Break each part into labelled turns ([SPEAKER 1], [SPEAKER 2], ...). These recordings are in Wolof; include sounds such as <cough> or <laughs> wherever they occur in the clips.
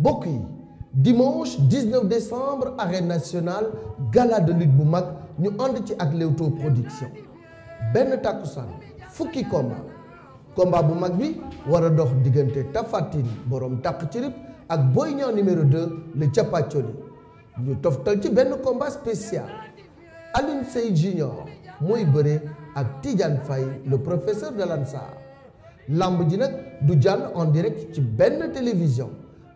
[SPEAKER 1] mbokk yi dimanche 19 décembre arène nationale gala de bu mag ñu ànd ci ak Leewtoo production benn takkusaan fukki combat combat bu mag bi war a dox diggante Tapha Tine borom takk ci ak Boy Niang numéro 2 le Chapacholi ñu toftal ci benn combat spécial Alioune Seye Junior mooy bëre ak Tidiane fay le professeur de l'Ansar làmb ji nag du jàll en direct ci benn télévision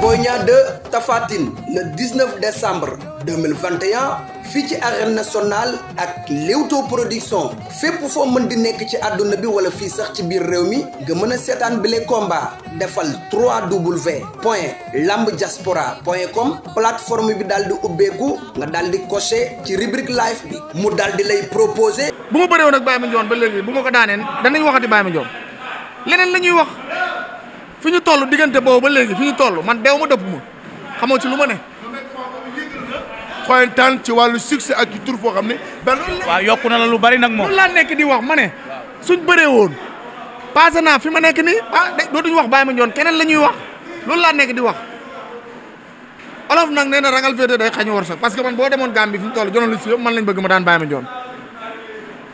[SPEAKER 2] Boy Niang 2 Tapha Tine le 19 décembre 2021 fii ci arène nationale ak Leewtoo production fépp foo mën di nekk ci àdduna bi wala fii sax ci biir réew mi nga mën a seetaan bile combat defal 3W point lamb diaspora point com plateforme bi daal di ubbeeku nga daal di coché ci rubrique live bi mu daal di lay proposé.
[SPEAKER 3] bu ma bëree woon ak Baye ba léegi bu ma ko daaneen danañ waxati Baye Mandione leneen la ñuy wax. fi ñu toll diggante boobu ba léegi fi ñu toll man dew ma dëpp ma xamoo ci lu ma ne. xoyantaan ci wàllu succès ak ci tur foo xam ne. benn waaw yokku na la lu bari nag moom. loolu laa nekk di wax ma ne. suñ bëree woon. passé naa fi ma nekk nii ah dootuñu wax Baye Mandione keneen la ñuy wax loolu laa nekk di wax. olof nag nee na ragal féete day xañ war parce que man boo demoon Gambie fi mu toll jonoon lu ci yëpp man lañ bëgg ma daan Baye Mandione.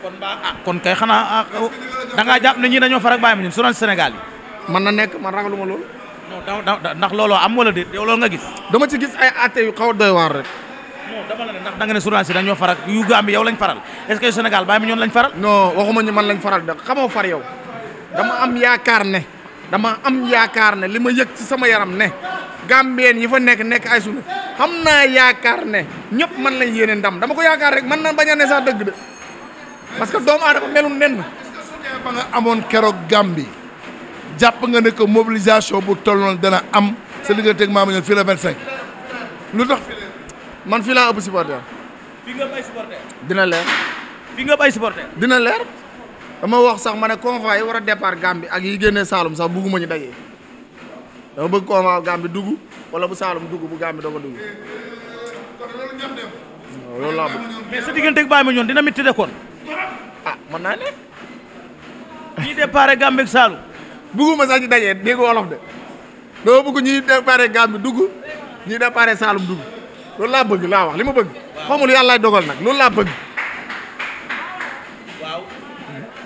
[SPEAKER 3] kon ba ah, kon kay xanaa ah, da ngaa jàpp ne ñii dañoo faral Baye Mandione su doon Sénégal yi. mën na nekk man ragaluma loolu. non ndax looloo am wala déet yow loolu nga gis. dama ci gis ay àtte yu xaw a doy waar rek. ndax da ne journaliste dañoo faral yu Gambie yow lañ faral est-ce que Sénégal bàyyi ma ñoon lañ faral. non waxuma man lañ faral da xamoo far yow dama am yaakaar ne dama am yaakaar ne li ma yëg sama yaram ne Gambien yi fa nekk nekk ay sunu xam naa yaakaar ne ñëpp man lañ yéene ndam dama ko yaakaar rek man na bañ a ne sax dëgg de parce que doomu aadama melul nenn ba nga amoon keroog Gambie. jàpp nga ne que mobilisation bu toll dana am sa digganteeg Mama Ndione fii la 25. lu tax man fii laa ëpp supporter. fii nga bay dina leer. dama wax sax ma ne convoi yi war a départ Gambie ak yi génnee Saalum sax bugguma ñu dajee dama bëgg convoi Gambie dugg wala bu Saalum dugg bu Gambie doog a dugg. loolu laa bëgg. mais sa digganteeg Baye Mandione dina métti de kon. ah mën naa ne. ñi départ Gambie ak Saalum. bëgguma sax ñu dajee dégg wolof de doo bëgg ñuy déparé Gàmbi dugg ñuy déparé Saalum dugg loolu laa bëgg laa wax li ma bëgg xamul yàlla lay dogal nag loolu laa bëgg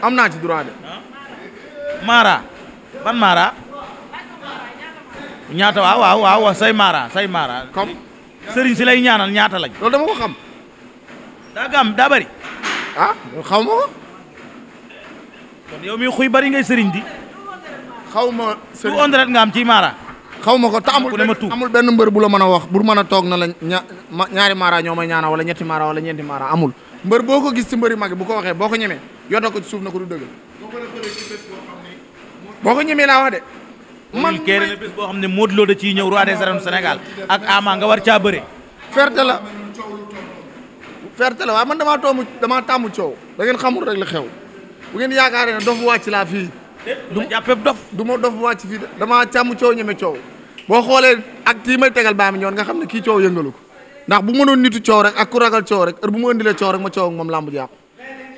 [SPEAKER 3] am naa ci droit de ah. maara ban maara ñaata waaw waaw say maara say maara sëriñ si lay ñaanal ñaata lañ loolu dama ko xam daa gàmm daa bëri ah xaw ma ko yow mi xuy bëri ngay sëriñ di xaw ma sëriñ bu ondaret xaw ma ko te amul amul benn mbër bu la mën a wax bu mën a toog na la ñaari maara ñoo may ñaana wala ñetti maara wala ñeenti maara amul mbër boo ko gis ci mbëri mag bu ko waxee boo ko ñemee yota ko ci suuf na ko du dëggal boo ko ñemee laa wax de man kéere boo xam ne Modou da ciy ñëw roi des arènes Sénégal ak Ama nga war caa bëre ferte la ferte la waaye man damaa toomu damaa tàmmu coow da ngeen xamul rek la xew bu ngeen yaakaaree ne dofu wàcc laa fii du ma jàppee dof du ma dof bu wàcc fii damaa càmm coow ñeme coow boo xoolee ak kii may tegal baa mi ñoon nga xam ne kii coow yëngalu ko ndax bu mënoon nitu coow rek ak ku ragal coow rek heure bu ma indilee coow rek ma coow ak moom làmb ji yàqu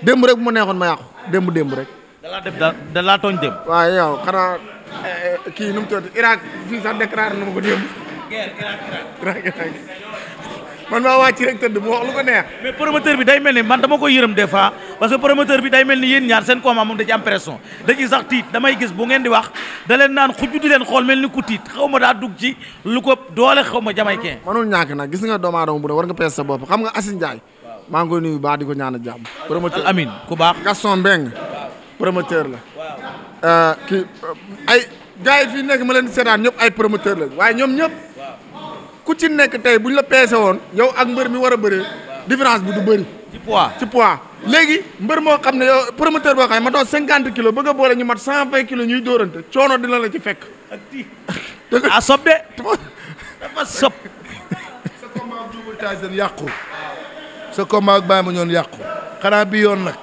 [SPEAKER 3] démb rek bu ma neexoon ma yàqu démb démb rek. da laa def da laa tooñ démb. waaw yow xanaa eh, eh, kii nu mu tudd Irak fii sax déclaré na ko démb. guerre Irak Irak. Irak man maa wàcc rek tëdd mu wax lu ko neex. mais promoteur bi day mel ni man dama ko yërëm des fois parce que promoteur bi day mel ni yéen ñaar seen combat moom da ci am naan xujju di leen ni ku daa dugg ci lu ma jamaykee. manul ñàkk nag gis nga doomu aadama bu ne war nga pees sa bopp a jàmm. promoteur Amin ku la. Euh, kii euh, ay gars fii nekk ma leen seetaan ñëpp ay promoteur la waaye ñoom ñëpp ku ci nekk tey buñ la peese woon yow ak mbër mi war a bëree différence bi du bëri. ci poids léegi mbër moo xam ne yow boo xam ne ma doon cinquante kilos bëgg a boole ñu mat cent vingt kilos ñuy dóorante coono dina la ci fekk. ak ti a <laughs> ah, sob de dafa <laughs> sa combat ak ma ñoon yàqu. xanaa bi yoon nag.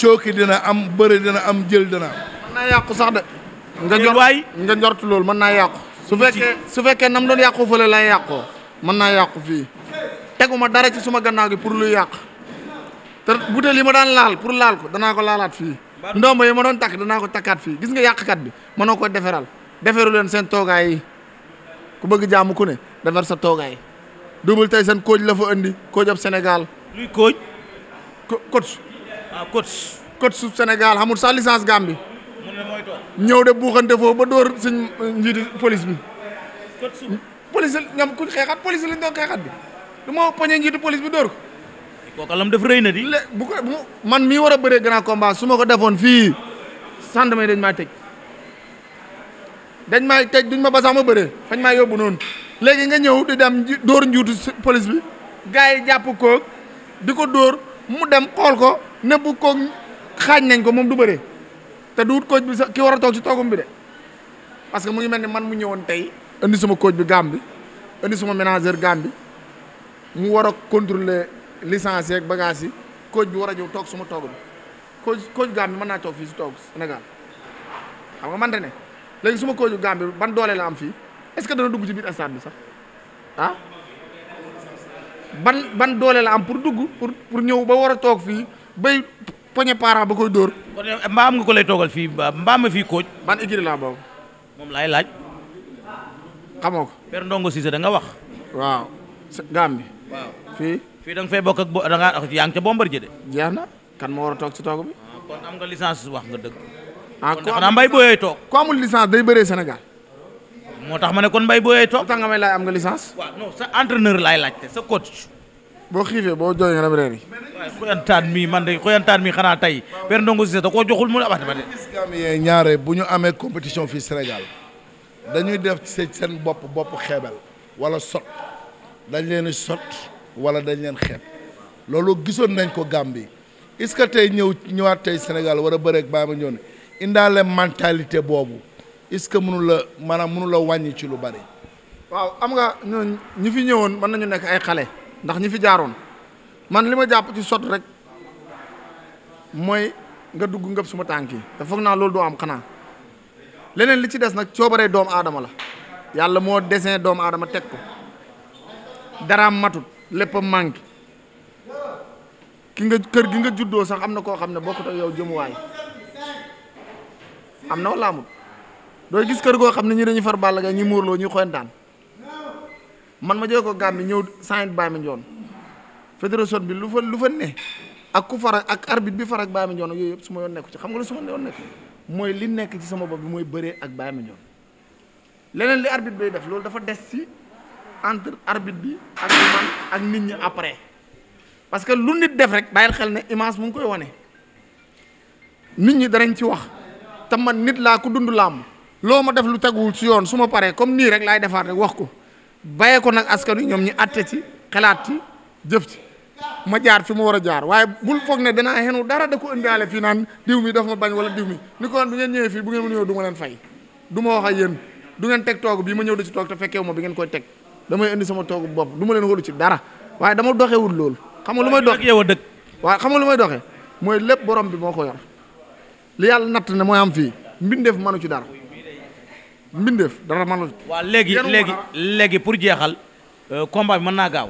[SPEAKER 3] cooki dina am bëri dina am jël dina am. mën naa yàqu sax de. nga jor nga njort loolu mën naa yàqu. su fekkee su fekkee nam doon yàqu fële lay yàqoo mën naa yàqu fii teguma dara ci suma gannaaw gi pour luy yàq te butéel yi ma daan laal pour laal ko danaa ko laalaat fii ndomba yi ma doon takk danaa ko takkaat fii gis nga yàqkat bi mënoo ko deferal deferu leen seen toogaay yi ku bëgg jàmm ku ne defar sa toogaay Double seen coach la fa andi coach ab Sénégal luy coach ah, coach coach coach Sénégal xamul ñëw de buuxante foofu ba dóor suñ njiiti police bi. police ñoom kuñ xeexaat police lañ doon xeexaat bi du ma poñe njiitu police bi dóor ko. kooku alam def man mii war a bëree grand combat su ma ko defoon fii gendarme yi dañ maa tëj dañ maa tëj duñ ma basax ma bëree fañ maa yóbbu noonu léegi nga ñëw di dem dóor njuutu police bi gars yi jàpp koog di ko dóor mu dem xool ko ne bu xaañ nañ ko moom du bëree. te duut coach bi sax ki war a toog ci toogum bi de parce que mu ngi mel ni man mu ñëwoon tey indi suma coach bi Gambie indi sama manager Gambie mu war a contrôler licence yeeg bagages yi coach bi war a ñëw toog suma toogum coach coach Gambie mën naa toog fii si toog Sénégal xam nga mante ne léegi suma coach Gambie ban doole la am fii est-ce que dana dugg ci biir stade bi sax ah ban ban doole la am pour dugg pour pour ñëw ba war a toog fii bay poñe parent ba koy dóor mbaa am nga ko lay toogal fii mbaa ma fii coach. man igri laa boobu. moom laay laaj. xamoo ko. Père Ndongo Cissé da nga wax. waaw sa gaam bi. fii. fii da nga fay bokk ak bo da ngaa yaa ngi ca de. jeex na kan moo war a toog si toog bi. Ah, kon am nga licence wax nga dëgg. ah kon xanaa mbay booyooy toog. ku amul licence day bëree Sénégal. moo tax ma ne kon mbay booyooy toog. tax nga may laaj am nga licence. sa entraîneur laay laajte sa coach. boo xiifee boo jooy nga dem reer yi. xoyantaan mi man de xoyantaan mi xanaa tey benn ndongo si da koo joxul mu ne abati ba de. islamiyee ñaare bu ñu amee compétition fii Sénégal dañuy def seen bopp bopp xeebal wala sot dañ leen sot wala dañ leen xeeb loolu gisoon nañ ko Gambie est-ce que tey ñëw ñëwaat tey Sénégal war a bëreeg Baye Mandione indaale mentalité boobu est-ce que mënu la maanaam mënu la wàññi ci lu bari. waaw am nga ñu fi ñëwoon mën nañu nekk ay xale. ndax ñi fi jaaroon man li ma jàpp ci sot rek mooy nga dugg ngëb suma tànk yi te foog naa loolu doo am xanaa leneen li ci des nag coobaree doomu aadama la yàlla moo desin doomu aadama teg ko daraam matut lépp a manqué ki nga kër gi nga juddoo sax am na koo xam ne bokkut ak yow jëmuwaay am na wala amut dooy gis kër goo xam ne ñi dañuy far bàll ga ñi muurloo ñi xoyantaan man ma jóge ko Gàmbi ñëw sant Baye Mandione fédération bi lu fa lu fa ne ak ku far ak arbitre bi far ak Baye Mandione yooyu yëpp su ma yoon nekku ci xam nga lu su ma yoon nekk mooy li nekk ci sama bopp bi mooy bëree ak Baye leneen li arbitre bay def loolu dafa des ci entre arbitre bi ak ak nit ñi après parce que lu nit def rek bàyyil xel ne image mu koy wane nit ñi danañ ci wax te man nit laa ku dund làmb loo ma def lu teguwul si yoon su ma paree comme nii rek laay defaat wax ko bàyyee ko nag askan wi ñoom ñu atte ci xalaat ci jëf ci ma jaar fi ma war a jaar waaye bul foog ne danaa xenu dara da ko ëndaale fii naan diw mi daf ma bañ wala diw mi ni ko bu ngeen ñëwee fii bu ngeen ñëw du ma leen fay ma wax ak yéen du ngeen teg toog bii ma ñëw da ci toog te fekkeewu ma bi ngeen koy teg damay indi sama toogu bopp du ma leen wóolu ci dara waaye dama doxewul loolu xam nga lu may dox yow a xam nga lu may doxee mooy lépp borom bi moo ko yor li yàlla natt ne mooy am fii mbindeef mënu ci dara mbindeef dara man la. waaw léegi léegi léegi pour jeexal. Euh, combat bi mën naa gaaw.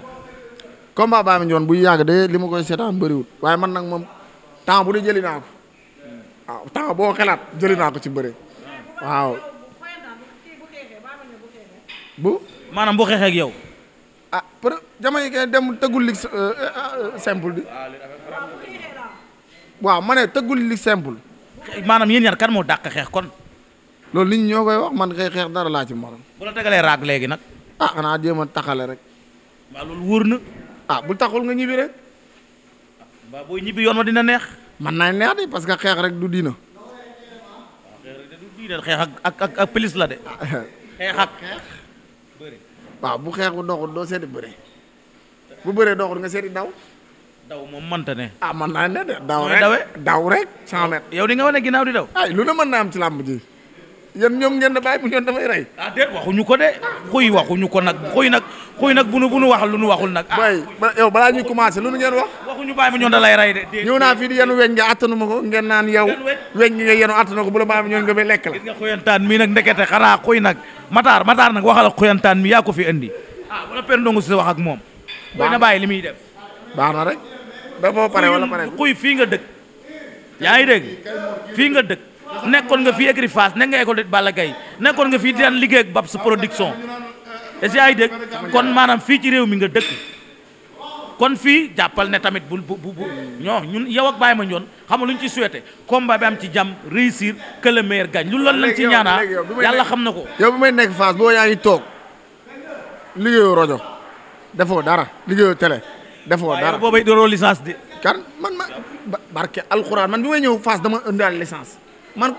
[SPEAKER 3] combat baa mi ñoon bu yàgg de li ma koy seetaan bëriwul waaye man nag moom temps bu ne jëli naa ko waaw boo xalaat jëli naa ko ci bëre waaw. bu. maanaam bu xeexee ak yow. ah peut jamono kay dem tëggul lig euh, euh, simple bi waaw ma ne tëggul lig simple. maanaam yéen ñaar kan moo dàq xeex kon. loolu nit ñi ñoo koy wax man kay xeex dara laa ci morom. bu la tegalee raag léegi nag. ah xanaa jéem a taxale rek. waaw loolu wóor na. ah bu taxul nga ñibbi rek. waaw booy ñibbi ma dina neex. man naa neex de que xeex rek du diina. xeex rek la de. xeex bu xeex bu doxul doo seeti bëri. bu bëree doxul nga seeti daw. daw moom mënta ne. ah man naa ne de. daw rek daw rek 100 yow di nga wane ginnaaw di daw. ay lu ne mën naa am ci làmb ji. yan ñoom ngeen da bàyyi bu ñoon damay rey ah déet waxuñu ko de xuy waxuñu ko nag xuy nag xuy nag bu nu bu nu wax lu nu waxul nag ah. bay yow balaa ñuy commencé lu nu ngeen wax waxuñu bàyyi bu ñoon da lay rey de ñëw naa fii di yenu weñ nga attanu ko ngeen naan yow weñ nga yenu attanu ko bu la bàyyi bu ñoon nga bay lekk la gis nga xuyantaan mi nag ndekete xanaa xuy nag mataar mataar nag waxal ak xuyantaan mi yaa ko ah, wax ak moom xuy na li muy def baax na rek ba boo pare wala pare xuy fii nga dëkk yaa ngi dégg fii nga dëkk nekkoon nga fii écurie Fass nekk nga école bala Balla Gaye nekkoon nga fii di daan liggéey ak Babs production est-ce que yaa kon maanaam fii ci réew mi nga dëkk kon fii jàppal ne tamit bu bu bu ñoo ñun yow baay Baye Mandione xam nga lu ñu ci souhaité combat bi am ci jàmm réussir que le meilleur gagne lu loolu lañ ci ñaanaa yàlla xam na ko. yow bu may nekk Fass boo yaa ngi toog liggéeyoo rajo defoo dara liggéeyoo télé defoo dara waaye boobay doroo licence di. kan man ma barke alxuraan man bi may ñëw Fass dama ëndaal licence. man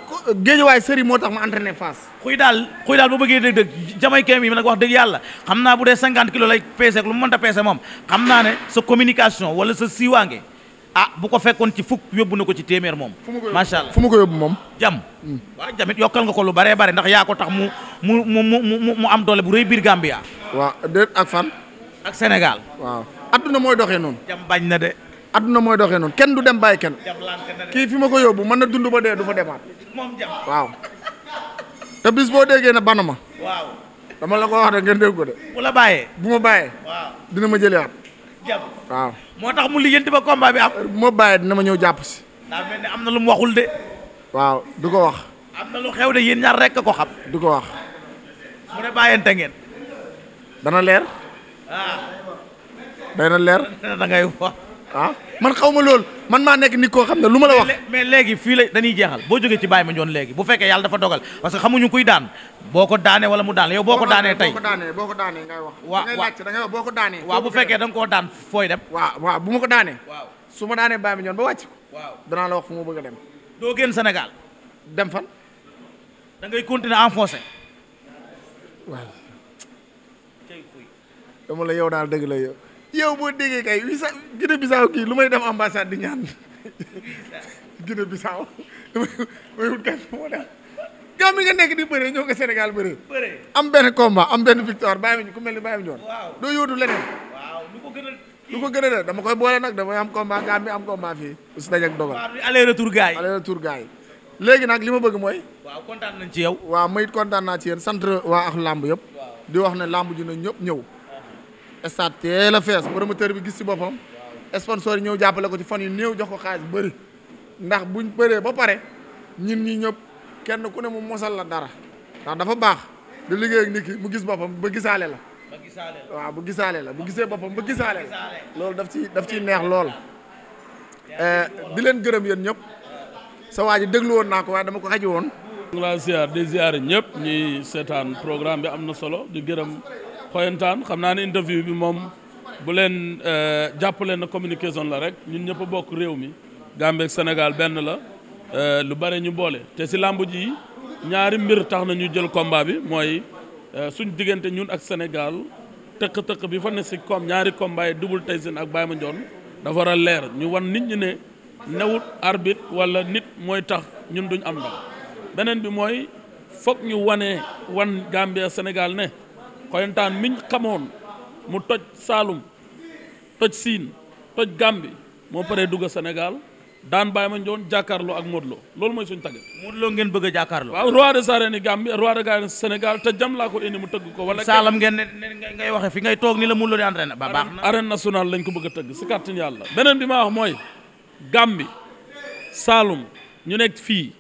[SPEAKER 3] géejawaay sëri moo tax ma entraîné Fass. xuy daal xuy daal bu bëggee dëgg-dëgg jamaïcain bi nag wax dëgg yàlla xam naa bu dee cinquante kilos lay peese ak lu mu mënta peese moom xam naa ne sa communication wala sa siiwaange a ah, bu ko fekkoon ci fukk yóbbu na ko ci téeméer moom. macha allah fu mu ko yóbbu moom. jam hmm. waaw jamit yokkal nga ko lu bare bare ndax yaa ko tax mu mu mu mu mu am doole bu rëy biir Gambia. waaw déet ak fan. ak Sénégal. waaw adduna mooy doxee noonu. jam bañ na de. adduna mooy doxee noonu kenn du dem bàyyi kenn kii fi ma ko yóbbu mën na dund ba dee du fa demaat waaw te bis boo déggee ne bana ma dama la ko wax de ngeen dégg ko de bu la bàyyee bu ma bàyyee dina ma jëliwaat waaw moo tax mu lijjanti ba combat bi am bu ma dina ma ñëw jàpp si daa mel ni am na lu mu waxul de waaw du ko wax lu xew de yéen ñaar rekk ko xam du ko wax mu ne bàyyente ngeen dana leer ah. dana leer <laughs> da ah man xaw ma loolu man maa nekk nit koo xam ne lu ma la wax. mais léegi fii la dañuy jeexal boo jógee ci ma Mandione léegi bu fekkee yàlla dafa dogal parce que xamuñu kuy daan boo ko daanee wala mu daan yow boo ko daanee tey boo daanee boo ko daanee ngay wax. waaw da ngay laajte da ngay bu fekkee da nga koo daan fooy dem. waaw waaw bu ma ko daanee. waaw su ma daanee Baye Mandione ba wàcc ko. waaw danaa la wax fu ma bëgg a dem. doo génn Sénégal. dem fan. da ngay continuer enfoncé. waaw. dama yow daal dëgg la yow yow boo déggee kay wisa Guinée Bissau kii lu may dem ambassade di ñaan Guinée Bissau may wut kay moo dem gam mi nga nekk di bëree ñoo nga Sénégal bëree am benn combat am benn victoire bàyyi ñu ku mel ni bàyyi ñu woon doo yóotu leneen lu ko gën a dama koy boole nag damay am combat gam mi am combat fii su dañ ak dogal aller retour gars léegi nag li ma bëgg mooy waaw kontaan nañ ci yow waaw mayit kontaan naa ci yéen sant waa ak làmb yëpp di wax ne làmb ji na ñëpp ñëw stade teel a fees promoteur bi gis si boppam sponsor yi ñëw jàppale ko ci fan yu néew jox ko xaalis bëri ndax buñ bëree ba pare ñun ñi ñëpp kenn ku ne mu mosal la dara ndax dafa baax di liggéey ak mu gis boppam ba gisaale la waaw bu gisaale la bu gisee boppam ba gisaale loolu daf ci daf ciy neex lool eh, di leen gërëm yéen ñëpp sa waa ji déglu woon naa ko waaye dama ko xaj woon. di
[SPEAKER 4] ziar di ziar ñëpp ñuy seetaan programme bi am na solo di gërëm. xoyantaan xam naa ne interview bi moom bu leen euh, jàpp leen na communication la rek ñun ñëpp bokk réew mi Gambie ak Sénégal benn la euh, lu bare ñu boole te si làmb ji ñaari mbir tax na ñu jël combat bi mooy euh, suñ diggante ñun ak Sénégal tëq-tëq bi fa ne si comme ñaari combat yi Double Tyson ak Baye Mandione dafa war a leer ñu wan nit ñu ne newut arbitre walla nit mooy tax ñun duñ am ndam beneen bi mooy foog ñu wane wan Gambie Sénégal ne xoyantaan miñ xamoon mu toj Saalum toj Siin toj Gàmbi moo paree dugg Sénégal daan ma Mandione jàkkaarloo ak Modou loolu mooy suñu tagge Modou Lo ngeen bëgg a jàkkaarloo waaw roi des arènes yi Gambie roi des Sénégal te jam laa ko indi mu tëgg ko wala Saalam ngeen ne ngay waxe fi ngay toog ni la Modou Lo di entraîné ba baax na arène nationale lañ ko bëgg a tëgg si kàttan yàlla beneen bi ma wax mooy Gambie Saalum ñu nekk fii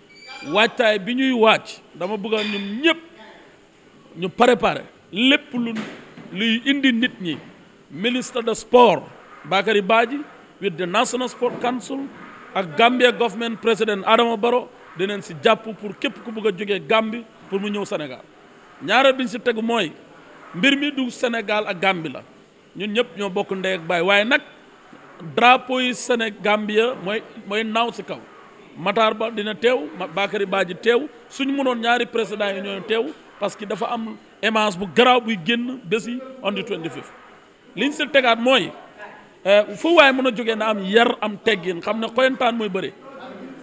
[SPEAKER 4] waajtaay bi ñuy waaj dama bëgg ñun ñëpp ñu préparé lépp lu luy indi nit ñi ministre de sport Bakary Badji with the National Sport Council ak Gambia government président Adama Barrow dinañ si jàpp pour képp ku bëgg a jógee Gambie pour mu ñëw senegal ñaareel bi ñu si tegu mooy mbir mi du senegal ak Gambie la ñun ñëpp ñoo bokk ndey ak baay waaye nag drapeau yi Sénégal Gambia mooy mooy naaw ci kaw Matar Ba dina teew Bakary Badji teew suñu mënoon ñaari président yi ñooy teew parce dafa am. émence bu garaaw buy génn bés yi on the 25 liñ si tegaat mooy eh, fu waaye mën a jóge na am yar am teggin xam ne koyantaan mooy bëre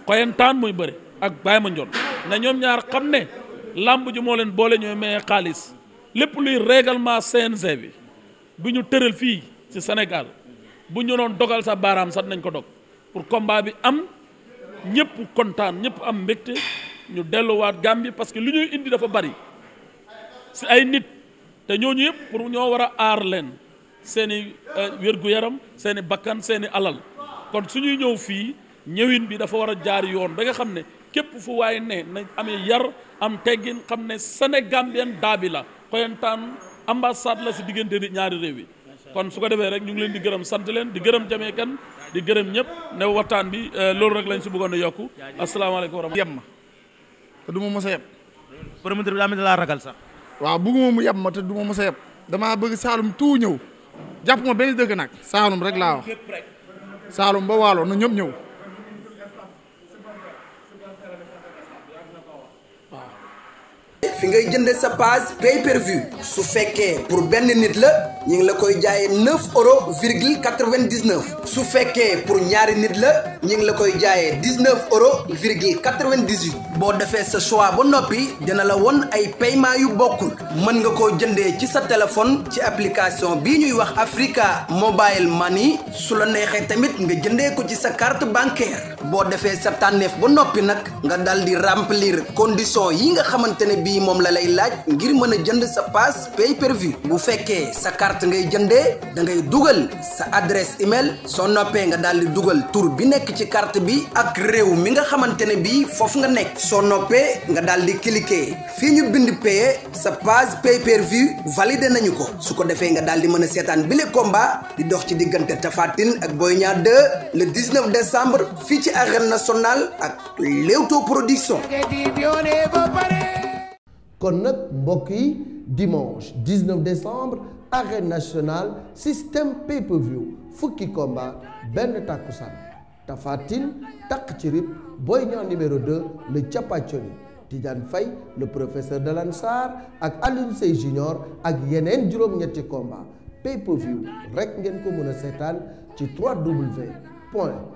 [SPEAKER 4] koyantaan mooy bëre ak Baye Mandione na ñoom ñaar xam ne làmb ji moo leen boole ñooy maye xaalis lépp luy règlement CNG bi bi ñu tëral fii ci Sénégal bu ñu doon dogal sa baaraam sax nañ ko dog pour komba bi am ñëpp kontaan ñëpp am mbégte ñu delluwaat Gambie parce que li ñuy indi dafa bari si ay nit te ñooñu yëpp pour ñoo war a aar leen seeni i euh, wér-gu-yaram seen i bakkan seen i alal kon suñuy ñëw fii ñëwin bi dafa war a jaar yoon ba nga xam ne képp fu waaye ne na amee yar am teggin xam ne sénégambien daabi la xoyantaan ambassade la si diggante ñaari réew yi kon su ko defee rek ñu ngi leen di gërëm sant leen di gërëm jamee kan di gërëm ñëpp ne
[SPEAKER 3] waxtaan bi euh, loolu rek lañ si bëggoon a yokku asalaamaaleykum wa rahmatulah yem ma te du ma mos a yem promoteur bi sax waaw bëgguma mu yab ma te du ma mos a yab damaa bëgg Saalum tout ñëw jàpp ma benn dëkk nag Saalum rek laa wax Saalum ba Waalo na ñëpp ñëw.
[SPEAKER 2] fi ngay jënde sa pass pay per su fekkee pour benn nit la ñu ngi la koy jaayee neuf euros virgule quatre-vingt-dix-neuf su fekkee pour ñaari nit la ñu ngi la koy jaayee dix-neuf euros virgule quatre-vingt-dix-huit boo defee sa choix ba noppi dina la won ay paiement yu bokkul mën nga koo jëndee ci sa téléphone ci application bii ñuy wax Africa Mobile Money su la neexee tamit nga jëndee ko ci sa carte bancaire boo defee sa tànneef ba noppi nag nga dal di remplir condition yi nga xamante ne yi moom la lay laaj ngir mën a jënd sa pass pay per bu fekkee sa carte ngay jëndee da ngay dugal sa adresse email soo noppee nga daal di dugal tur bi nekk ci carte bi ak réew mi nga xamante ne bii foofu nga nekk soo noppee nga daal di cliquer fii ñu bind payer sa pass pay per view validé nañu ko su ko defee nga daal di mën a seetaan bile combat di dox ci diggante Tapha Tine ak Boy ñaar 2 le 19 décembre fii ci arène nationale ak Leewtoo production.
[SPEAKER 1] kon nag mbokk yi dimanche 19 décembre arène national système pay-per-view fukki combat benn tàkku Tapha Tine takk ci rib booy Niang numéro 2 le Chapacholi Tidiane Faye le professeur de l'Ansar ak Alioune Seye ak yeneen juróom-ñetti combat pay-per-view rek ngeen ko mën a seetaan ci 3W point